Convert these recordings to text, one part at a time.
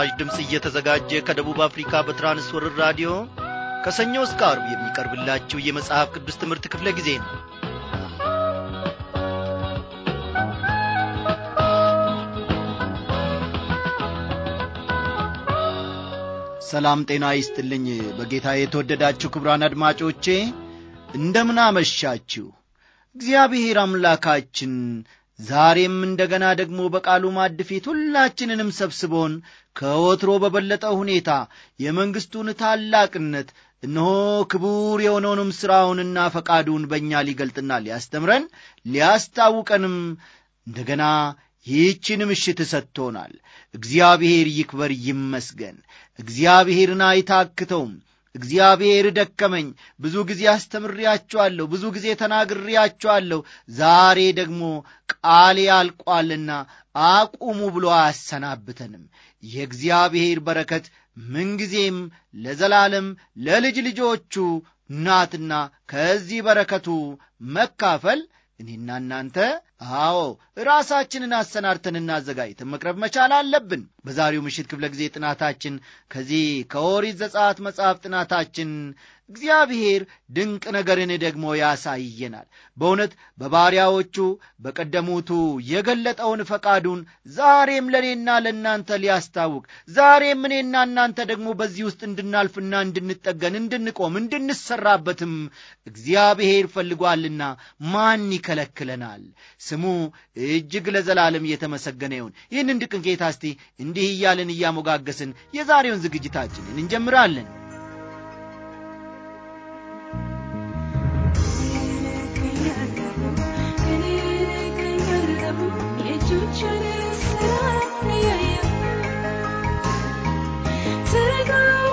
ለመስራች ድምፅ እየተዘጋጀ ከደቡብ አፍሪካ በትራንስወርር ራዲዮ ከሰኞ እስከ አርብ የሚቀርብላችሁ የመጽሐፍ ቅዱስ ትምህርት ክፍለ ጊዜ ነው ሰላም ጤና ይስጥልኝ በጌታ የተወደዳችሁ ክብራን አድማጮቼ እንደምን አመሻችሁ እግዚአብሔር አምላካችን ዛሬም እንደገና ደግሞ በቃሉ ማድ ፊት ሁላችንንም ሰብስቦን ከወትሮ በበለጠ ሁኔታ የመንግሥቱን ታላቅነት እነሆ ክቡር የሆነውንም ሥራውንና ፈቃዱን በእኛ ሊገልጥና ሊያስተምረን ሊያስታውቀንም እንደገና ይህችን ምሽት ሰጥቶናል። እግዚአብሔር ይክበር ይመስገን። እግዚአብሔርን አይታክተውም። እግዚአብሔር ደከመኝ። ብዙ ጊዜ አስተምሬያችኋለሁ፣ ብዙ ጊዜ ተናግሬያችኋለሁ። ዛሬ ደግሞ ቃሌ አልቋልና አቁሙ ብሎ አያሰናብተንም። የእግዚአብሔር በረከት ምንጊዜም ለዘላለም ለልጅ ልጆቹ ናትና ከዚህ በረከቱ መካፈል እኔና እናንተ አዎ ራሳችንን አሰናድተንና አዘጋጅተን መቅረብ መቻል አለብን። በዛሬው ምሽት ክፍለ ጊዜ ጥናታችን ከዚህ ከኦሪት ዘጸአት መጽሐፍ ጥናታችን እግዚአብሔር ድንቅ ነገርን ደግሞ ያሳየናል። በእውነት በባሪያዎቹ በቀደሙቱ የገለጠውን ፈቃዱን ዛሬም ለእኔና ለእናንተ ሊያስታውቅ ዛሬም እኔና እናንተ ደግሞ በዚህ ውስጥ እንድናልፍና እንድንጠገን፣ እንድንቆም፣ እንድንሰራበትም እግዚአብሔር ፈልጓልና ማን ይከለክለናል? ስሙ እጅግ ለዘላለም እየተመሰገነ ይሁን። ይህን እንድቅን ጌታ እስቲ እንዲህ እያልን እያሞጋገስን የዛሬውን ዝግጅታችንን እንጀምራለን። Take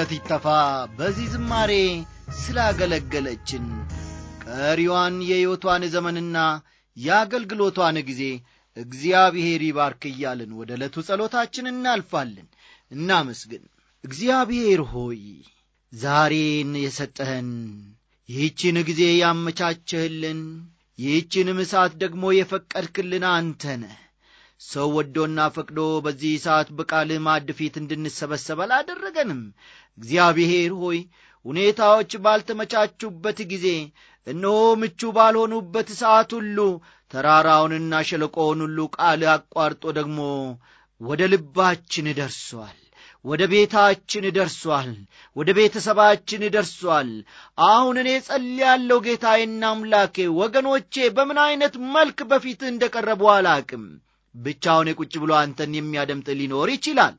ውጥረት ይጠፋ በዚህ ዝማሬ ስላገለገለችን ቀሪዋን የሕይወቷን ዘመንና የአገልግሎቷን ጊዜ እግዚአብሔር ይባርክ እያልን ወደ ዕለቱ ጸሎታችን እናልፋለን። እናመስግን። እግዚአብሔር ሆይ ዛሬን የሰጠህን ይህችን ጊዜ ያመቻችህልን፣ ይህችንም ምሳት ደግሞ የፈቀድክልን አንተ ነህ። ሰው ወዶና ፈቅዶ በዚህ ሰዓት በቃልህ ማድ ፊት እንድንሰበሰብ አላደረገንም። እግዚአብሔር ሆይ ሁኔታዎች ባልተመቻቹበት ጊዜ፣ እነሆ ምቹ ባልሆኑበት ሰዓት ሁሉ ተራራውንና ሸለቆውን ሁሉ ቃል አቋርጦ ደግሞ ወደ ልባችን ደርሷል። ወደ ቤታችን ደርሷል። ወደ ቤተሰባችን ደርሷል። አሁን እኔ ጸልያለሁ ጌታዬና አምላኬ፣ ወገኖቼ በምን ዐይነት መልክ በፊት እንደ ቀረቡ አላቅም ብቻውን የቁጭ ብሎ አንተን የሚያደምጥ ሊኖር ይችላል።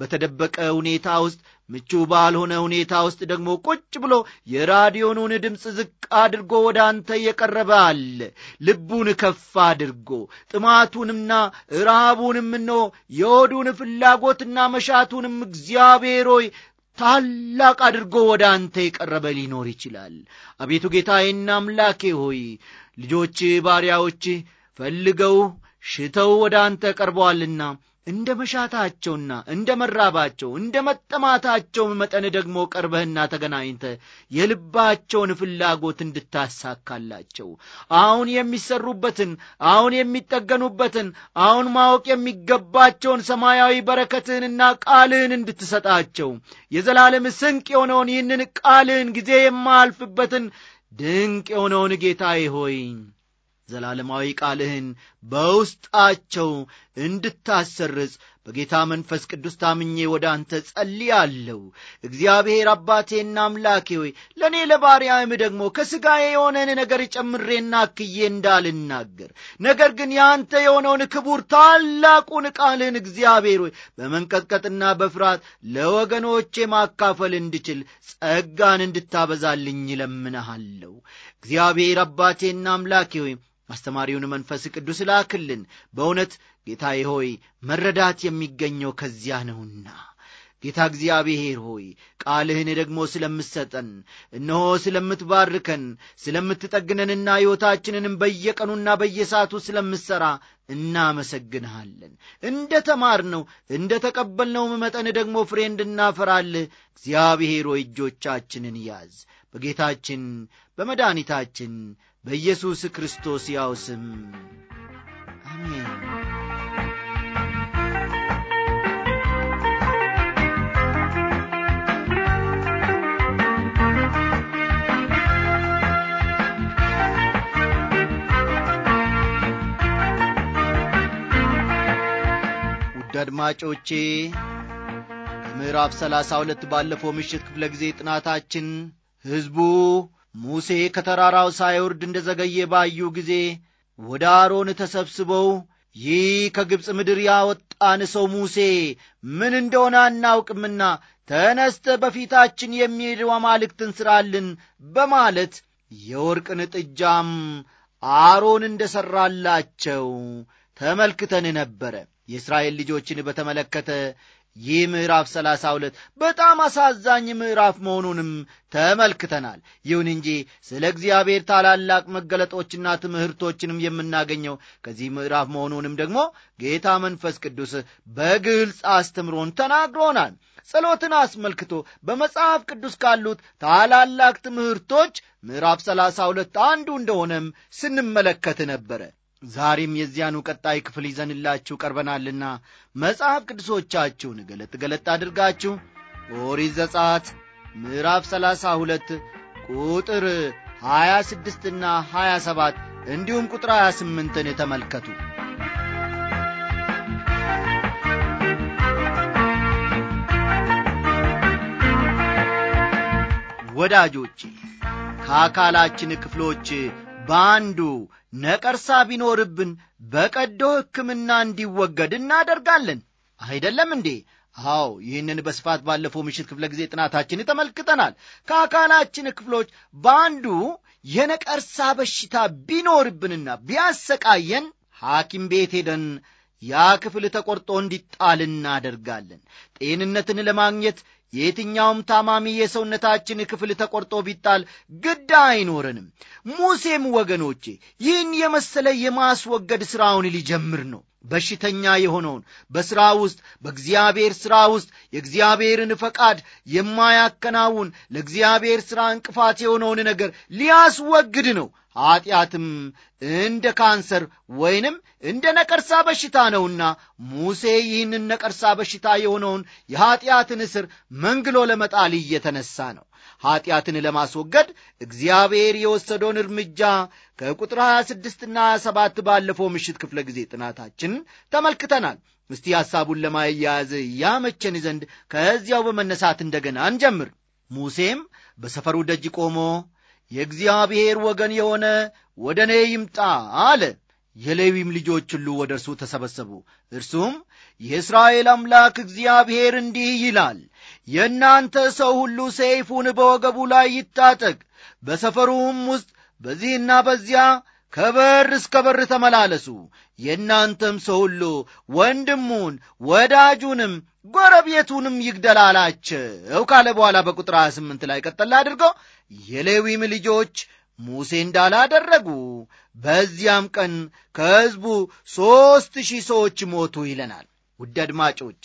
በተደበቀ ሁኔታ ውስጥ ምቹ ባልሆነ ሁኔታ ውስጥ ደግሞ ቁጭ ብሎ የራዲዮኑን ድምፅ ዝቅ አድርጎ ወደ አንተ የቀረበ አለ። ልቡን ከፍ አድርጎ ጥማቱንምና ረሃቡንም እነሆ የሆዱን ፍላጎትና መሻቱንም እግዚአብሔር ሆይ ታላቅ አድርጎ ወደ አንተ የቀረበ ሊኖር ይችላል። አቤቱ ጌታዬና አምላኬ ሆይ ልጆች ባሪያዎች ፈልገው ሽተው ወደ አንተ ቀርበዋልና እንደ መሻታቸውና እንደ መራባቸው እንደ መጠማታቸው መጠን ደግሞ ቀርበህና ተገናኝተ የልባቸውን ፍላጎት እንድታሳካላቸው አሁን የሚሰሩበትን አሁን የሚጠገኑበትን አሁን ማወቅ የሚገባቸውን ሰማያዊ በረከትህንና ቃልህን እንድትሰጣቸው የዘላለም ስንቅ የሆነውን ይህንን ቃልህን ጊዜ የማልፍበትን ድንቅ የሆነውን ጌታዬ ሆይ ዘላለማዊ ቃልህን በውስጣቸው እንድታሰርጽ በጌታ መንፈስ ቅዱስ ታምኜ ወደ አንተ ጸልያለሁ። እግዚአብሔር አባቴና አምላኬ ሆይ ለእኔ ለባሪያም ደግሞ ከሥጋዬ የሆነን ነገር ጨምሬና አክዬ እንዳልናገር፣ ነገር ግን የአንተ የሆነውን ክቡር ታላቁን ቃልህን እግዚአብሔር ሆይ በመንቀጥቀጥና በፍርሃት ለወገኖቼ ማካፈል እንድችል ጸጋን እንድታበዛልኝ ይለምንሃለሁ። እግዚአብሔር አባቴና አምላኬ ሆይ አስተማሪውን መንፈስ ቅዱስ ላክልን። በእውነት ጌታዬ ሆይ መረዳት የሚገኘው ከዚያ ነውና ጌታ እግዚአብሔር ሆይ ቃልህን ደግሞ ስለምትሰጠን እነሆ ስለምትባርከን፣ ስለምትጠግነንና ሕይወታችንንም በየቀኑና በየሰዓቱ ስለምትሠራ እናመሰግንሃለን። እንደ ተማርነው እንደ ተቀበልነውም መጠን ደግሞ ፍሬ እንድናፈራልህ እግዚአብሔር ሆይ እጆቻችንን ያዝ። በጌታችን በመድኃኒታችን በኢየሱስ ክርስቶስ ያው ስም አሜን። ውድ አድማጮቼ ከምዕራፍ ሰላሳ ሁለት ባለፈው ምሽት ክፍለ ጊዜ ጥናታችን ሕዝቡ ሙሴ ከተራራው ሳይወርድ እንደ ዘገየ ባዩ ጊዜ ወደ አሮን ተሰብስበው ይህ ከግብፅ ምድር ያወጣን ሰው ሙሴ ምን እንደሆነ አናውቅምና ተነስተ በፊታችን የሚሄድ አማልክትን ሥራልን በማለት የወርቅን ጥጃም አሮን እንደ ሠራላቸው ተመልክተን ነበረ። የእስራኤል ልጆችን በተመለከተ ይህ ምዕራፍ ሰላሳ ሁለት በጣም አሳዛኝ ምዕራፍ መሆኑንም ተመልክተናል። ይሁን እንጂ ስለ እግዚአብሔር ታላላቅ መገለጦችና ትምህርቶችንም የምናገኘው ከዚህ ምዕራፍ መሆኑንም ደግሞ ጌታ መንፈስ ቅዱስ በግልጽ አስተምሮን ተናግሮናል። ጸሎትን አስመልክቶ በመጽሐፍ ቅዱስ ካሉት ታላላቅ ትምህርቶች ምዕራፍ ሰላሳ ሁለት አንዱ እንደሆነም ስንመለከት ነበረ። ዛሬም የዚያኑ ቀጣይ ክፍል ይዘንላችሁ ቀርበናልና መጽሐፍ ቅዱሶቻችሁን ገለጥ ገለጥ አድርጋችሁ ኦሪት ዘጸአት ምዕራፍ 32 ቁጥር 26ና 27 እንዲሁም ቁጥር 28ን ተመልከቱ። ወዳጆቼ ከአካላችን ክፍሎች በአንዱ ነቀርሳ ቢኖርብን በቀዶ ሕክምና እንዲወገድ እናደርጋለን። አይደለም እንዴ? አዎ ይህንን በስፋት ባለፈው ምሽት ክፍለ ጊዜ ጥናታችን ተመልክተናል። ከአካላችን ክፍሎች በአንዱ የነቀርሳ በሽታ ቢኖርብንና ቢያሰቃየን ሐኪም ቤት ሄደን ያ ክፍል ተቆርጦ እንዲጣል እናደርጋለን። ጤንነትን ለማግኘት የየትኛውም ታማሚ የሰውነታችን ክፍል ተቆርጦ ቢጣል ግድ አይኖረንም። ሙሴም ወገኖቼ ይህን የመሰለ የማስወገድ ሥራውን ሊጀምር ነው። በሽተኛ የሆነውን በሥራ ውስጥ በእግዚአብሔር ሥራ ውስጥ የእግዚአብሔርን ፈቃድ የማያከናውን ለእግዚአብሔር ሥራ እንቅፋት የሆነውን ነገር ሊያስወግድ ነው። ኀጢአትም እንደ ካንሰር ወይንም እንደ ነቀርሳ በሽታ ነውና ሙሴ ይህንን ነቀርሳ በሽታ የሆነውን የኀጢአትን እስር መንግሎ ለመጣል እየተነሳ ነው። ኀጢአትን ለማስወገድ እግዚአብሔር የወሰደውን እርምጃ ከቁጥር 26 ስድስትና 27 ባለፈው ምሽት ክፍለ ጊዜ ጥናታችን ተመልክተናል። እስቲ ሐሳቡን ለማያያዝ ያመቸን ዘንድ ከዚያው በመነሳት እንደገና እንጀምር። ሙሴም በሰፈሩ ደጅ ቆሞ የእግዚአብሔር ወገን የሆነ ወደ እኔ ይምጣ አለ። የሌዊም ልጆች ሁሉ ወደ እርሱ ተሰበሰቡ። እርሱም የእስራኤል አምላክ እግዚአብሔር እንዲህ ይላል፣ የእናንተ ሰው ሁሉ ሰይፉን በወገቡ ላይ ይታጠቅ፣ በሰፈሩም ውስጥ በዚህና በዚያ ከበር እስከ በር ተመላለሱ። የእናንተም ሰው ሁሉ ወንድሙን ወዳጁንም ጎረቤቱንም ይግደላላቸው ካለ በኋላ በቁጥር 28 ላይ ቀጠላ አድርገው የሌዊም ልጆች ሙሴ እንዳላደረጉ በዚያም ቀን ከሕዝቡ ሦስት ሺህ ሰዎች ሞቱ ይለናል። ውድ አድማጮቼ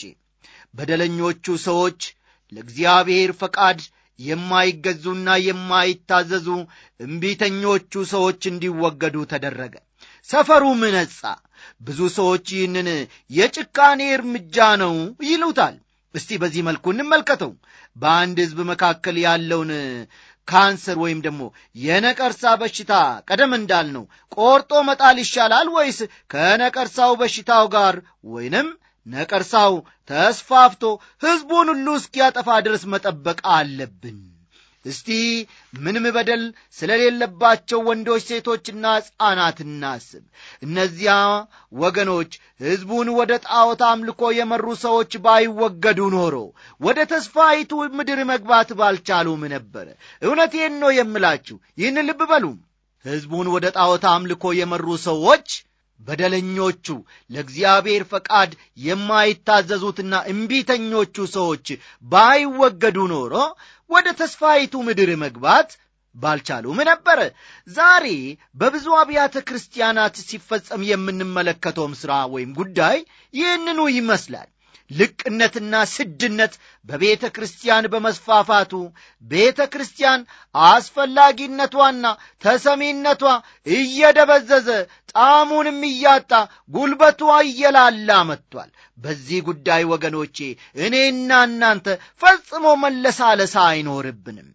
በደለኞቹ ሰዎች ለእግዚአብሔር ፈቃድ የማይገዙና የማይታዘዙ እምቢተኞቹ ሰዎች እንዲወገዱ ተደረገ። ሰፈሩም ነጻ። ብዙ ሰዎች ይህንን የጭካኔ እርምጃ ነው ይሉታል። እስቲ በዚህ መልኩ እንመልከተው። በአንድ ሕዝብ መካከል ያለውን ካንሰር ወይም ደግሞ የነቀርሳ በሽታ ቀደም እንዳልነው ቆርጦ መጣል ይሻላል ወይስ ከነቀርሳው በሽታው ጋር ወይንም ነቀርሳው ተስፋፍቶ ሕዝቡን ሁሉ እስኪያጠፋ ድረስ መጠበቅ አለብን? እስቲ ምንም በደል ስለሌለባቸው ወንዶች ሴቶችና ሕፃናት እናስብ። እነዚያ ወገኖች ሕዝቡን ወደ ጣዖት አምልኮ የመሩ ሰዎች ባይወገዱ ኖሮ ወደ ተስፋይቱ ምድር መግባት ባልቻሉም ነበረ። እውነቴን ነው የምላችሁ። ይህን ልብ በሉም። ሕዝቡን ወደ ጣዖት አምልኮ የመሩ ሰዎች በደለኞቹ ለእግዚአብሔር ፈቃድ የማይታዘዙትና እምቢተኞቹ ሰዎች ባይወገዱ ኖሮ ወደ ተስፋይቱ ምድር መግባት ባልቻሉም ነበር ዛሬ በብዙ አብያተ ክርስቲያናት ሲፈጸም የምንመለከተውም ሥራ ወይም ጉዳይ ይህንኑ ይመስላል። ልቅነትና ስድነት በቤተ ክርስቲያን በመስፋፋቱ ቤተ ክርስቲያን አስፈላጊነቷና ተሰሚነቷ እየደበዘዘ ጣዕሙንም እያጣ ጉልበቷ እየላላ መጥቷል። በዚህ ጉዳይ ወገኖቼ እኔና እናንተ ፈጽሞ መለሳለሳ አይኖርብንም።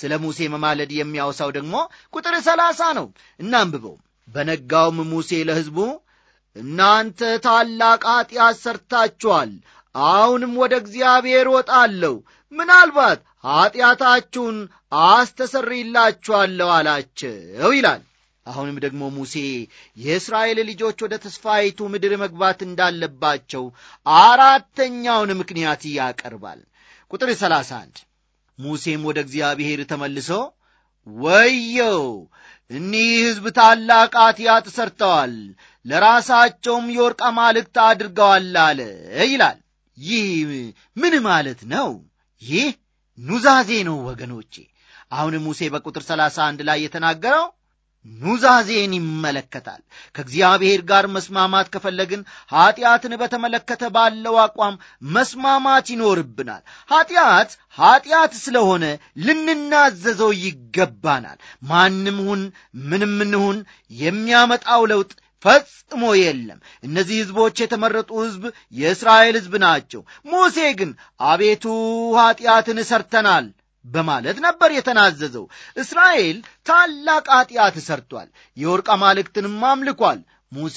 ስለ ሙሴ መማለድ የሚያውሳው ደግሞ ቁጥር ሰላሳ ነው። እናንብበው። በነጋውም ሙሴ ለሕዝቡ እናንተ ታላቅ ኀጢአት ሠርታችኋል፣ አሁንም ወደ እግዚአብሔር ወጣለሁ፣ ምናልባት ኀጢአታችሁን አስተሰርይላችኋለሁ አላቸው ይላል። አሁንም ደግሞ ሙሴ የእስራኤል ልጆች ወደ ተስፋይቱ ምድር መግባት እንዳለባቸው አራተኛውን ምክንያት ያቀርባል። ቁጥር 31 ሙሴም ወደ እግዚአብሔር ተመልሶ ወየው እኒህ ሕዝብ ታላቅ አትያት ሠርተዋል፣ ለራሳቸውም የወርቅ አማልክት አድርገዋል አለ ይላል። ይህ ምን ማለት ነው? ይህ ኑዛዜ ነው ወገኖቼ። አሁን ሙሴ በቁጥር 31 ላይ የተናገረው ኑዛዜን ይመለከታል። ከእግዚአብሔር ጋር መስማማት ከፈለግን ኀጢአትን በተመለከተ ባለው አቋም መስማማት ይኖርብናል። ኀጢአት ኀጢአት ስለሆነ ልንናዘዘው ይገባናል። ማንም ሁን ምንም እንሁን የሚያመጣው ለውጥ ፈጽሞ የለም። እነዚህ ሕዝቦች የተመረጡ ሕዝብ የእስራኤል ሕዝብ ናቸው። ሙሴ ግን አቤቱ ኀጢአትን ሰርተናል በማለት ነበር የተናዘዘው። እስራኤል ታላቅ ኀጢአት ሰርቷል፣ የወርቅ አማልክትንም አምልኳል። ሙሴ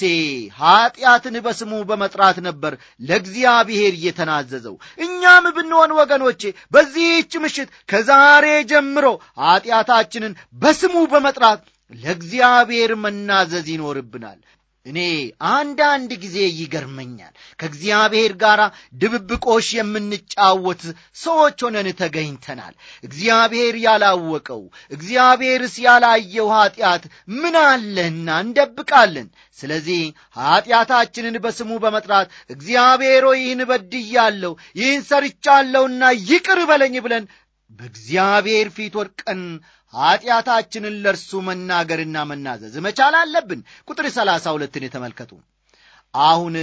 ኀጢአትን በስሙ በመጥራት ነበር ለእግዚአብሔር እየተናዘዘው። እኛም ብንሆን ወገኖቼ በዚህች ምሽት ከዛሬ ጀምሮ ኀጢአታችንን በስሙ በመጥራት ለእግዚአብሔር መናዘዝ ይኖርብናል። እኔ አንዳንድ ጊዜ ይገርመኛል ከእግዚአብሔር ጋር ድብብቆሽ የምንጫወት ሰዎች ሆነን ተገኝተናል። እግዚአብሔር ያላወቀው እግዚአብሔርስ ያላየው ኀጢአት ምን አለህና እንደብቃለን። ስለዚህ ኀጢአታችንን በስሙ በመጥራት እግዚአብሔሮ ይህን በድያለሁ፣ ይህን ሰርቻለሁና ይቅር በለኝ ብለን በእግዚአብሔር ፊት ወድቀን ኀጢአታችንን ለእርሱ መናገርና መናዘዝ መቻል አለብን። ቁጥር ሰላሳ ሁለትን የተመልከቱ። አሁን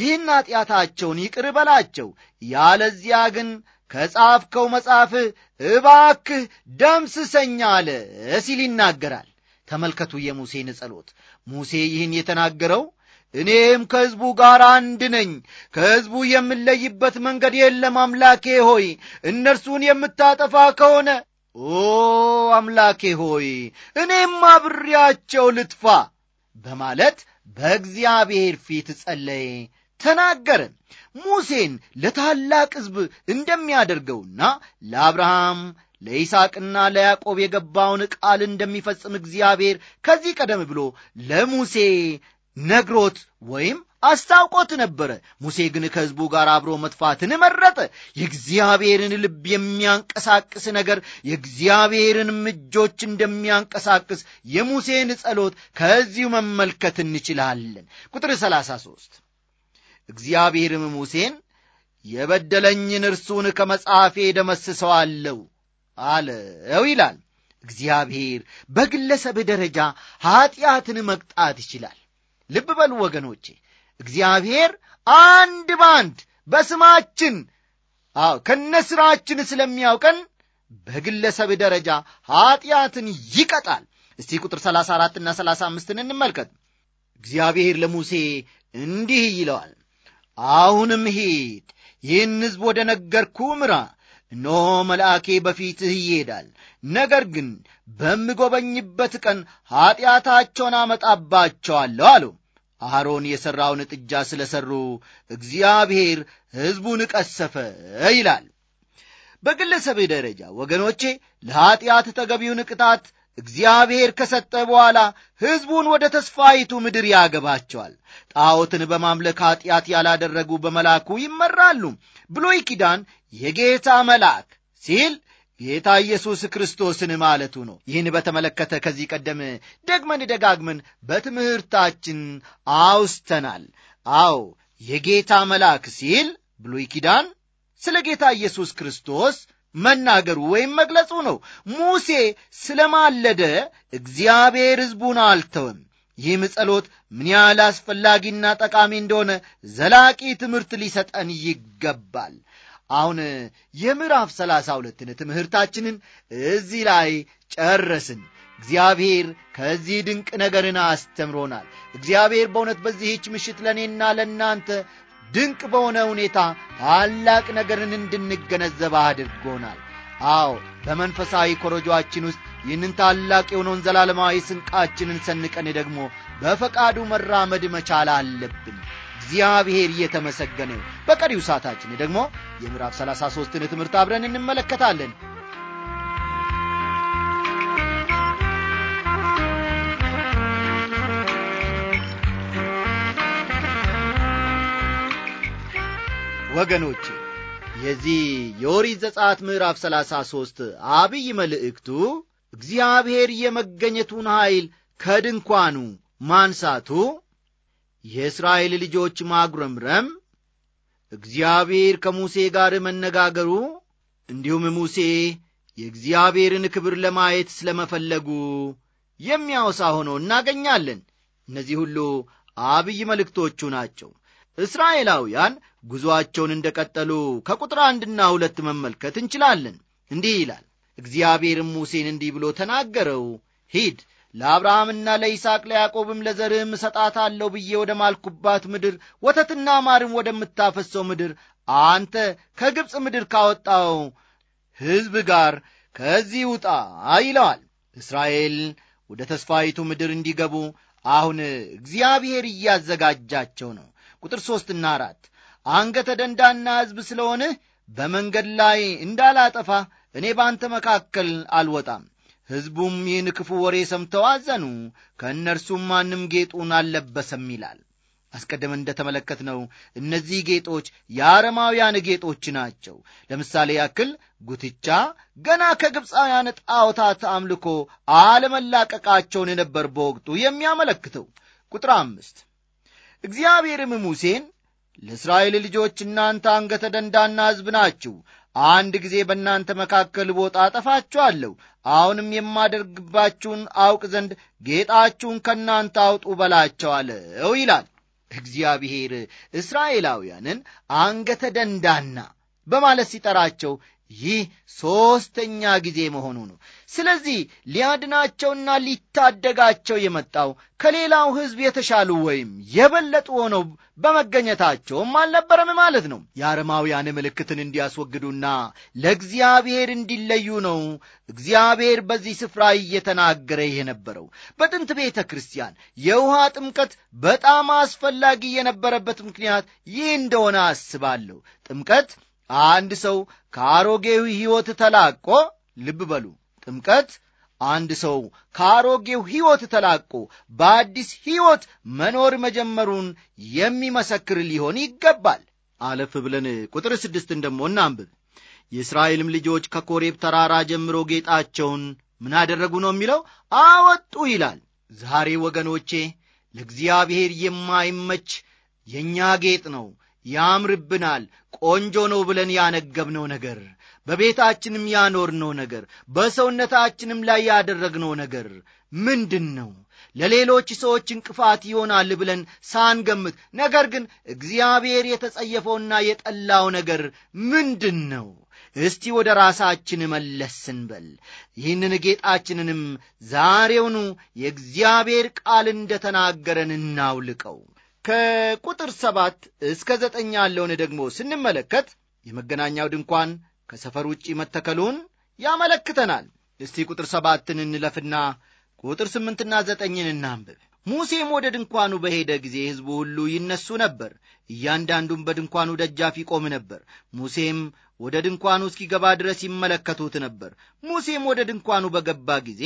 ይህን ኀጢአታቸውን ይቅር በላቸው፣ ያለዚያ ግን ከጻፍከው መጽሐፍህ እባክህ ደምስሰኝ አለ ሲል ይናገራል። ተመልከቱ የሙሴን ጸሎት። ሙሴ ይህን የተናገረው እኔም ከሕዝቡ ጋር አንድ ነኝ፣ ከሕዝቡ የምለይበት መንገድ የለም። አምላኬ ሆይ እነርሱን የምታጠፋ ከሆነ ኦ አምላኬ ሆይ እኔም አብሬያቸው ልጥፋ በማለት በእግዚአብሔር ፊት ጸለየ፣ ተናገረ። ሙሴን ለታላቅ ሕዝብ እንደሚያደርገውና ለአብርሃም ለይስቅና ለያዕቆብ የገባውን ቃል እንደሚፈጽም እግዚአብሔር ከዚህ ቀደም ብሎ ለሙሴ ነግሮት ወይም አስታውቆት ነበረ። ሙሴ ግን ከሕዝቡ ጋር አብሮ መጥፋትን መረጠ። የእግዚአብሔርን ልብ የሚያንቀሳቅስ ነገር የእግዚአብሔርን እጆች እንደሚያንቀሳቅስ የሙሴን ጸሎት ከዚሁ መመልከት እንችላለን። ቁጥር 33 እግዚአብሔርም ሙሴን የበደለኝን እርሱን ከመጽሐፌ ደመስሰዋለሁ አለው ይላል። እግዚአብሔር በግለሰብ ደረጃ ኀጢአትን መቅጣት ይችላል። ልብ በሉ ወገኖቼ እግዚአብሔር አንድ ባንድ በስማችን ከነ ሥራችን ስለሚያውቀን በግለሰብ ደረጃ ኀጢአትን ይቀጣል። እስቲ ቁጥር 34ና 35ን እንመልከት። እግዚአብሔር ለሙሴ እንዲህ ይለዋል፣ አሁንም ሂድ፣ ይህን ሕዝብ ወደ ነገርኩ ምራ። እነሆ መልአኬ በፊትህ ይሄዳል። ነገር ግን በምጎበኝበት ቀን ኀጢአታቸውን አመጣባቸዋለሁ አለው። አሮን የሠራውን ጥጃ ስለ ሠሩ እግዚአብሔር ሕዝቡን ቀሰፈ ይላል። በግለሰብ ደረጃ ወገኖቼ ለኀጢአት ተገቢውን ቅጣት እግዚአብሔር ከሰጠ በኋላ ሕዝቡን ወደ ተስፋይቱ ምድር ያገባቸዋል። ጣዖትን በማምለክ ኀጢአት ያላደረጉ በመላኩ ይመራሉ። ብሉይ ኪዳን የጌታ መልአክ ሲል ጌታ ኢየሱስ ክርስቶስን ማለቱ ነው። ይህን በተመለከተ ከዚህ ቀደም ደግመን ደጋግመን በትምህርታችን አውስተናል። አዎ የጌታ መልአክ ሲል ብሉይ ኪዳን ስለ ጌታ ኢየሱስ ክርስቶስ መናገሩ ወይም መግለጹ ነው። ሙሴ ስለማለደ እግዚአብሔር ሕዝቡን አልተወም። ይህም ጸሎት ምን ያህል አስፈላጊና ጠቃሚ እንደሆነ ዘላቂ ትምህርት ሊሰጠን ይገባል። አሁን የምዕራፍ ሰላሳ ሁለትን ትምህርታችንን እዚህ ላይ ጨረስን። እግዚአብሔር ከዚህ ድንቅ ነገርን አስተምሮናል። እግዚአብሔር በእውነት በዚህች ምሽት ለእኔና ለእናንተ ድንቅ በሆነ ሁኔታ ታላቅ ነገርን እንድንገነዘብ አድርጎናል። አዎ በመንፈሳዊ ኮረጆአችን ውስጥ ይህንን ታላቅ የሆነውን ዘላለማዊ ስንቃችንን ሰንቀን ደግሞ በፈቃዱ መራመድ መቻል አለብን። እግዚአብሔር እየተመሰገነ በቀሪው ሰዓታችን ደግሞ የምዕራፍ 33ን ትምህርት አብረን እንመለከታለን ወገኖች የዚህ የኦሪት ዘጻት ምዕራፍ 33 አብይ መልእክቱ እግዚአብሔር የመገኘቱን ኀይል ከድንኳኑ ማንሳቱ የእስራኤል ልጆች ማጉረምረም እግዚአብሔር ከሙሴ ጋር መነጋገሩ እንዲሁም ሙሴ የእግዚአብሔርን ክብር ለማየት ስለመፈለጉ የሚያወሳ ሆኖ እናገኛለን። እነዚህ ሁሉ አብይ መልእክቶቹ ናቸው። እስራኤላውያን ጉዞአቸውን እንደ ቀጠሉ ከቁጥር አንድና ሁለት መመልከት እንችላለን። እንዲህ ይላል፣ እግዚአብሔርም ሙሴን እንዲህ ብሎ ተናገረው፣ ሂድ ለአብርሃምና ለይስቅ ለያዕቆብም ለዘርህም አለው ብዬ ወደ ማልኩባት ምድር ወተትና ማርም ወደምታፈሰው ምድር አንተ ከግብፅ ምድር ካወጣው ሕዝብ ጋር ከዚህ ውጣ ይለዋል። እስራኤል ወደ ተስፋዪቱ ምድር እንዲገቡ አሁን እግዚአብሔር እያዘጋጃቸው ነው። ቁጥር ሦስትና አራት አንገተ ደንዳና ሕዝብ ስለሆንህ በመንገድ ላይ እንዳላጠፋ እኔ በአንተ መካከል አልወጣም ሕዝቡም ይህን ክፉ ወሬ ሰምተው አዘኑ፣ ከእነርሱም ማንም ጌጡን አልለበሰም ይላል። ተመለከት እንደተመለከትነው እነዚህ ጌጦች የአረማውያን ጌጦች ናቸው። ለምሳሌ ያክል ጉትቻ ገና ከግብፃውያን ጣዖታት አምልኮ አለመላቀቃቸውን የነበር በወቅቱ የሚያመለክተው። ቁጥር አምስት እግዚአብሔርም ሙሴን ለእስራኤል ልጆች እናንተ አንገተ ደንዳና ሕዝብ ናችሁ አንድ ጊዜ በእናንተ መካከል ቦጣ አጠፋችኋለሁ፣ አሁንም የማደርግባችሁን አውቅ ዘንድ ጌጣችሁን ከእናንተ አውጡ በላቸዋለው ይላል። እግዚአብሔር እስራኤላውያንን አንገተ ደንዳና በማለት ሲጠራቸው ይህ ሦስተኛ ጊዜ መሆኑ ነው። ስለዚህ ሊያድናቸውና ሊታደጋቸው የመጣው ከሌላው ሕዝብ የተሻሉ ወይም የበለጡ ሆነው በመገኘታቸውም አልነበረም ማለት ነው። የአረማውያን ምልክትን እንዲያስወግዱና ለእግዚአብሔር እንዲለዩ ነው እግዚአብሔር በዚህ ስፍራ እየተናገረ የነበረው። በጥንት ቤተ ክርስቲያን የውሃ ጥምቀት በጣም አስፈላጊ የነበረበት ምክንያት ይህ እንደሆነ አስባለሁ። ጥምቀት አንድ ሰው ከአሮጌው ሕይወት ተላቆ ልብ በሉ ጥምቀት አንድ ሰው ከአሮጌው ሕይወት ተላቆ በአዲስ ሕይወት መኖር መጀመሩን የሚመሰክር ሊሆን ይገባል። አለፍ ብለን ቁጥር ስድስትን ደግሞ እናንብብ። የእስራኤልም ልጆች ከኮሬብ ተራራ ጀምሮ ጌጣቸውን ምን አደረጉ ነው የሚለው አወጡ ይላል። ዛሬ ወገኖቼ ለእግዚአብሔር የማይመች የእኛ ጌጥ ነው ያምርብናል፣ ቆንጆ ነው ብለን ያነገብነው ነገር፣ በቤታችንም ያኖርነው ነገር፣ በሰውነታችንም ላይ ያደረግነው ነገር ምንድን ነው? ለሌሎች ሰዎች እንቅፋት ይሆናል ብለን ሳንገምት፣ ነገር ግን እግዚአብሔር የተጸየፈውና የጠላው ነገር ምንድን ነው? እስቲ ወደ ራሳችን መለስ ስንበል ይህንን ጌጣችንንም ዛሬውኑ የእግዚአብሔር ቃል እንደ ተናገረን እናውልቀው። ከቁጥር ሰባት እስከ ዘጠኝ ያለውን ደግሞ ስንመለከት የመገናኛው ድንኳን ከሰፈር ውጪ መተከሉን ያመለክተናል። እስቲ ቁጥር ሰባትን እንለፍና ቁጥር ስምንትና ዘጠኝን እናንብብ። ሙሴም ወደ ድንኳኑ በሄደ ጊዜ ሕዝቡ ሁሉ ይነሱ ነበር፣ እያንዳንዱም በድንኳኑ ደጃፍ ይቆም ነበር። ሙሴም ወደ ድንኳኑ እስኪገባ ድረስ ይመለከቱት ነበር። ሙሴም ወደ ድንኳኑ በገባ ጊዜ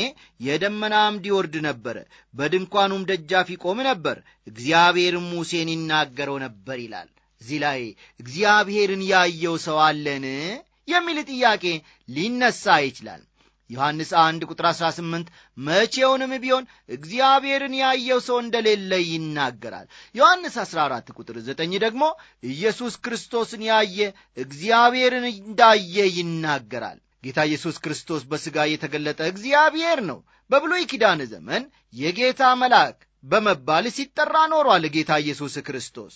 የደመና አምድ ይወርድ ነበረ፣ በድንኳኑም ደጃፍ ይቆም ነበር። እግዚአብሔርም ሙሴን ይናገረው ነበር ይላል። እዚህ ላይ እግዚአብሔርን ያየው ሰው አለን የሚል ጥያቄ ሊነሳ ይችላል። ዮሐንስ 1 ቁጥር 18 መቼውንም ቢሆን እግዚአብሔርን ያየው ሰው እንደሌለ ይናገራል። ዮሐንስ 14 ቁጥር 9 ደግሞ ኢየሱስ ክርስቶስን ያየ እግዚአብሔርን እንዳየ ይናገራል። ጌታ ኢየሱስ ክርስቶስ በሥጋ የተገለጠ እግዚአብሔር ነው። በብሉይ ኪዳን ዘመን የጌታ መልአክ በመባል ሲጠራ ኖሯል። ጌታ ኢየሱስ ክርስቶስ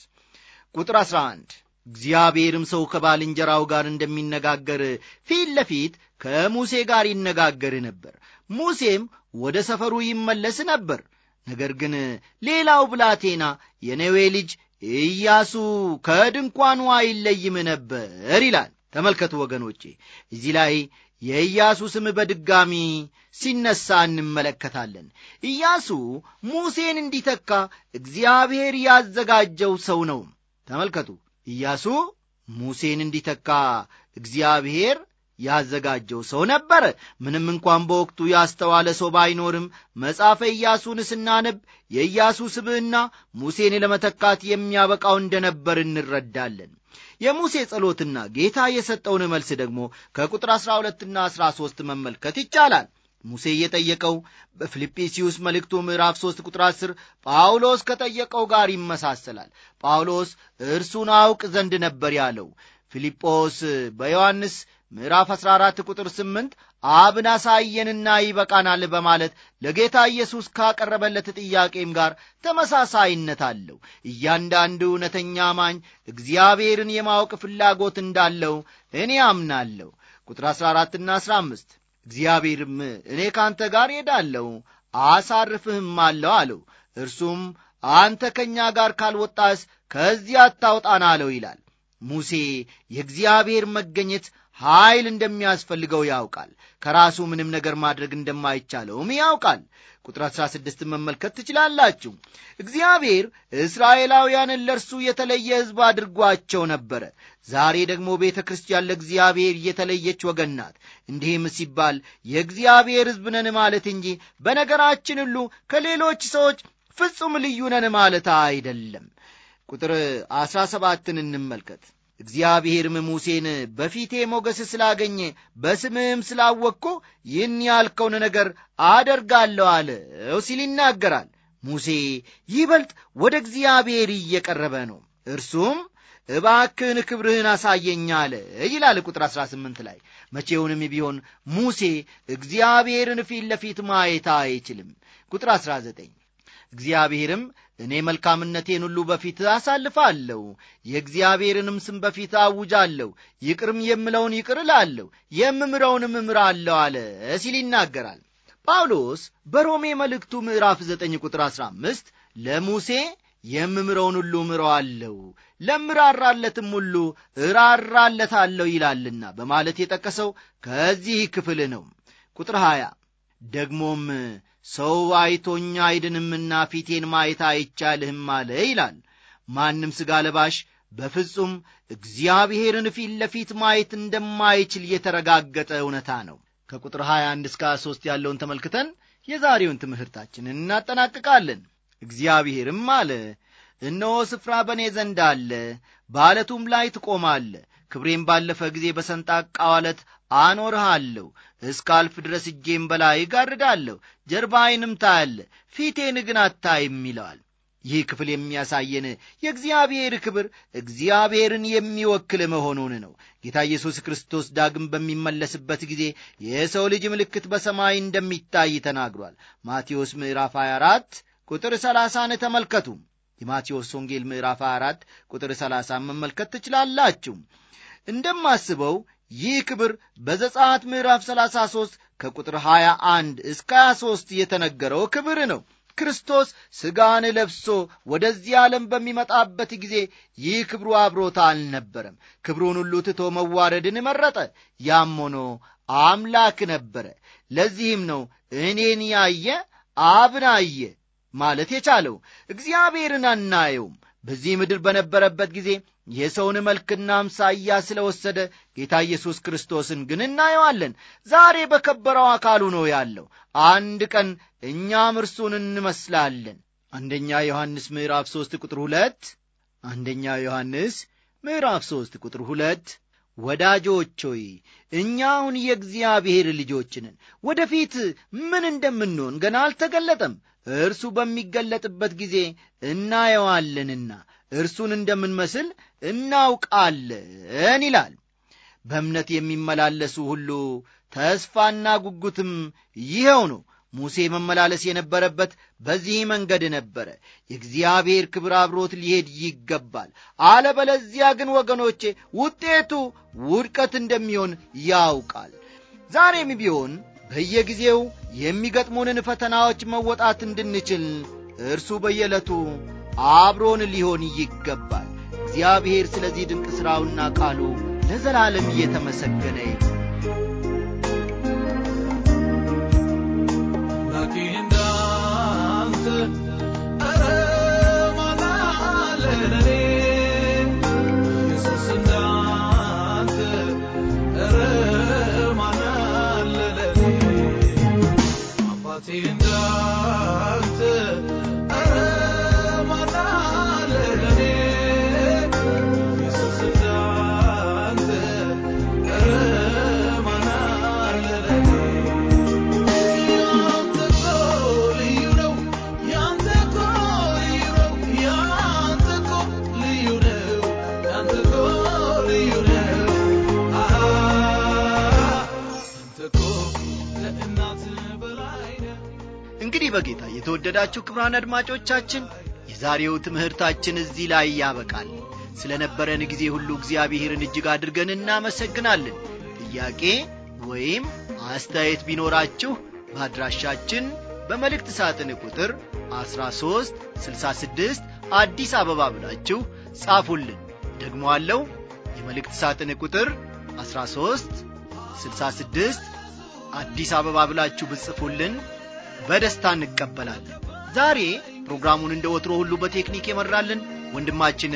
ቁጥር 11 እግዚአብሔርም ሰው ከባልንጀራው ጋር እንደሚነጋገር ፊት ለፊት ከሙሴ ጋር ይነጋገር ነበር። ሙሴም ወደ ሰፈሩ ይመለስ ነበር። ነገር ግን ሌላው ብላቴና የነዌ ልጅ ኢያሱ ከድንኳኑ አይለይም ነበር ይላል። ተመልከቱ ወገኖቼ፣ እዚህ ላይ የኢያሱ ስም በድጋሚ ሲነሳ እንመለከታለን። ኢያሱ ሙሴን እንዲተካ እግዚአብሔር ያዘጋጀው ሰው ነው። ተመልከቱ፣ ኢያሱ ሙሴን እንዲተካ እግዚአብሔር ያዘጋጀው ሰው ነበር ምንም እንኳን በወቅቱ ያስተዋለ ሰው ባይኖርም መጽሐፈ ኢያሱን ስናነብ የኢያሱ ስብዕና ሙሴን ለመተካት የሚያበቃው እንደነበር እንረዳለን። የሙሴ ጸሎትና ጌታ የሰጠውን መልስ ደግሞ ከቁጥር 12ና 13 መመልከት ይቻላል። ሙሴ የጠየቀው በፊልጵስዩስ መልእክቱ ምዕራፍ 3 ቁጥር 10 ጳውሎስ ከጠየቀው ጋር ይመሳሰላል። ጳውሎስ እርሱን አውቅ ዘንድ ነበር ያለው። ፊልጶስ በዮሐንስ ምዕራፍ 14 ቁጥር 8 አብን አሳየንና ይበቃናል በማለት ለጌታ ኢየሱስ ካቀረበለት ጥያቄም ጋር ተመሳሳይነት አለው። እያንዳንዱ እውነተኛ አማኝ እግዚአብሔርን የማወቅ ፍላጎት እንዳለው እኔ አምናለሁ። ቁጥር 14ና 15 እግዚአብሔርም እኔ ካንተ ጋር ሄዳለሁ አሳርፍህም አለው አለው። እርሱም አንተ ከእኛ ጋር ካልወጣስ ከዚህ አታውጣን አለው ይላል። ሙሴ የእግዚአብሔር መገኘት ኃይል እንደሚያስፈልገው ያውቃል። ከራሱ ምንም ነገር ማድረግ እንደማይቻለውም ያውቃል። ቁጥር ስድስትን መመልከት ትችላላችሁ። እግዚአብሔር እስራኤላውያንን ለእርሱ የተለየ ሕዝብ አድርጓቸው ነበረ። ዛሬ ደግሞ ቤተ ክርስቲያን ለእግዚአብሔር የተለየች ወገን ናት። እንዲህም ሲባል የእግዚአብሔር ሕዝብ ነን ማለት እንጂ በነገራችን ሁሉ ከሌሎች ሰዎች ፍጹም ልዩ ነን ማለት አይደለም። ቁጥር አሥራ ሰባትን እንመልከት። እግዚአብሔርም ሙሴን በፊቴ ሞገስ ስላገኘ በስምህም ስላወቅኩ ይህን ያልከውን ነገር አደርጋለሁ አለው ሲል ይናገራል። ሙሴ ይበልጥ ወደ እግዚአብሔር እየቀረበ ነው። እርሱም እባክህን ክብርህን አሳየኝ አለ ይላል ቁጥር 18 ላይ። መቼውንም ቢሆን ሙሴ እግዚአብሔርን ፊት ለፊት ማየት አይችልም። ቁጥር 19 እግዚአብሔርም እኔ መልካምነቴን ሁሉ በፊት አሳልፋለሁ፣ የእግዚአብሔርንም ስም በፊት አውጃለሁ፣ ይቅርም የምለውን ይቅር እላለሁ፣ የምምረውንም እምራለሁ አለ ሲል ይናገራል። ጳውሎስ በሮሜ መልእክቱ ምዕራፍ 9 ቁጥር 15 ለሙሴ የምምረውን ሁሉ እምረዋለሁ፣ ለምራራለትም ሁሉ እራራለታለሁ ይላልና በማለት የጠቀሰው ከዚህ ክፍል ነው። ቁጥር 20 ደግሞም ሰው አይቶኛ አይድንምና ፊቴን ማየት አይቻልህም አለ ይላል። ማንም ሥጋ ለባሽ በፍጹም እግዚአብሔርን ፊት ለፊት ማየት እንደማይችል የተረጋገጠ እውነታ ነው። ከቁጥር 21 እስከ 23 ያለውን ተመልክተን የዛሬውን ትምህርታችንን እናጠናቅቃለን። እግዚአብሔርም አለ፣ እነሆ ስፍራ በእኔ ዘንድ አለ፣ በአለቱም ላይ ትቆማለ፣ ክብሬም ባለፈ ጊዜ በሰንጣቃው አለት አኖርሃለሁ እስካልፍ ድረስ እጄም በላይ ጋርዳለሁ ጀርባዬንም ታያለ፣ ፊቴን ግን አታይም ይለዋል። ይህ ክፍል የሚያሳየን የእግዚአብሔር ክብር እግዚአብሔርን የሚወክል መሆኑን ነው። ጌታ ኢየሱስ ክርስቶስ ዳግም በሚመለስበት ጊዜ የሰው ልጅ ምልክት በሰማይ እንደሚታይ ተናግሯል። ማቴዎስ ምዕራፍ 24 ቁጥር 30ን ተመልከቱ። የማቴዎስ ወንጌል ምዕራፍ 24 ቁጥር 30 መመልከት ትችላላችሁ። እንደማስበው ይህ ክብር በዘጸአት ምዕራፍ 33 ከቁጥር 21 እስከ 23 የተነገረው ክብር ነው። ክርስቶስ ሥጋን ለብሶ ወደዚህ ዓለም በሚመጣበት ጊዜ ይህ ክብሩ አብሮታ አልነበረም። ክብሩን ሁሉ ትቶ መዋረድን መረጠ። ያም ሆኖ አምላክ ነበረ። ለዚህም ነው እኔን ያየ አብን አየ ማለት የቻለው። እግዚአብሔርን አናየውም በዚህ ምድር በነበረበት ጊዜ የሰውን መልክና አምሳያ ስለ ወሰደ ጌታ ኢየሱስ ክርስቶስን ግን እናየዋለን። ዛሬ በከበረው አካሉ ነው ያለው። አንድ ቀን እኛም እርሱን እንመስላለን። አንደኛ ዮሐንስ ምዕራፍ 3 ቁጥር 2 አንደኛ ዮሐንስ ምዕራፍ 3 ቁጥር 2 ወዳጆች ሆይ እኛ አሁን የእግዚአብሔር ልጆች ነን። ወደፊት ምን እንደምንሆን ገና አልተገለጠም። እርሱ በሚገለጥበት ጊዜ እናየዋለንና እርሱን እንደምንመስል እናውቃለን ይላል። በእምነት የሚመላለሱ ሁሉ ተስፋና ጉጉትም ይኸው ነው። ሙሴ መመላለስ የነበረበት በዚህ መንገድ ነበረ። የእግዚአብሔር ክብር አብሮት ሊሄድ ይገባል። አለበለዚያ ግን ወገኖቼ ውጤቱ ውድቀት እንደሚሆን ያውቃል። ዛሬም ቢሆን በየጊዜው የሚገጥሙንን ፈተናዎች መወጣት እንድንችል እርሱ በየዕለቱ አብሮን ሊሆን ይገባል። እግዚአብሔር ስለዚህ ድንቅ ሥራውና ቃሉ ለዘላለም እየተመሰገነ See you. የተወደዳችሁ ክብራን አድማጮቻችን የዛሬው ትምህርታችን እዚህ ላይ ያበቃል ስለ ነበረን ጊዜ ሁሉ እግዚአብሔርን እጅግ አድርገን እናመሰግናለን ጥያቄ ወይም አስተያየት ቢኖራችሁ በአድራሻችን በመልእክት ሳጥን ቁጥር 13 66 አዲስ አበባ ብላችሁ ጻፉልን ደግሞ አለው የመልእክት ሳጥን ቁጥር 13 66 አዲስ አበባ ብላችሁ ብጽፉልን በደስታ እንቀበላለን። ዛሬ ፕሮግራሙን እንደ ወትሮ ሁሉ በቴክኒክ የመራልን ወንድማችን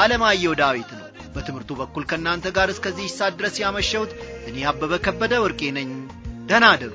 አለማየሁ ዳዊት ነው። በትምህርቱ በኩል ከእናንተ ጋር እስከዚህ ሳት ድረስ ያመሸሁት እኔ አበበ ከበደ ወርቄ ነኝ። ደህና አደሩ።